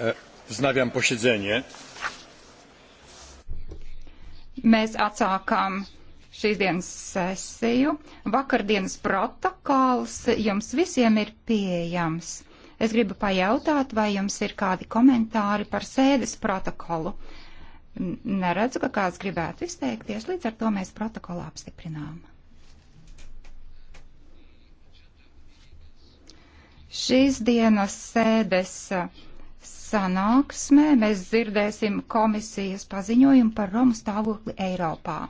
E, wznawiam posiedzenie. Mēs atsākām šīs dienas sesiju. Vakardienas protokols jums visiem ir pieejams. Es gribu pajautāt, vai jums ir kādi komentāri par sēdes protokolu. Neredzu, ka kāds gribētu izteikties, līdz ar to mēs protokolu apstiprinām. Šīs dienas sēdes sanāksmē mēs dzirdēsim komisijas paziņojumu par Romu stāvokli Eiropā.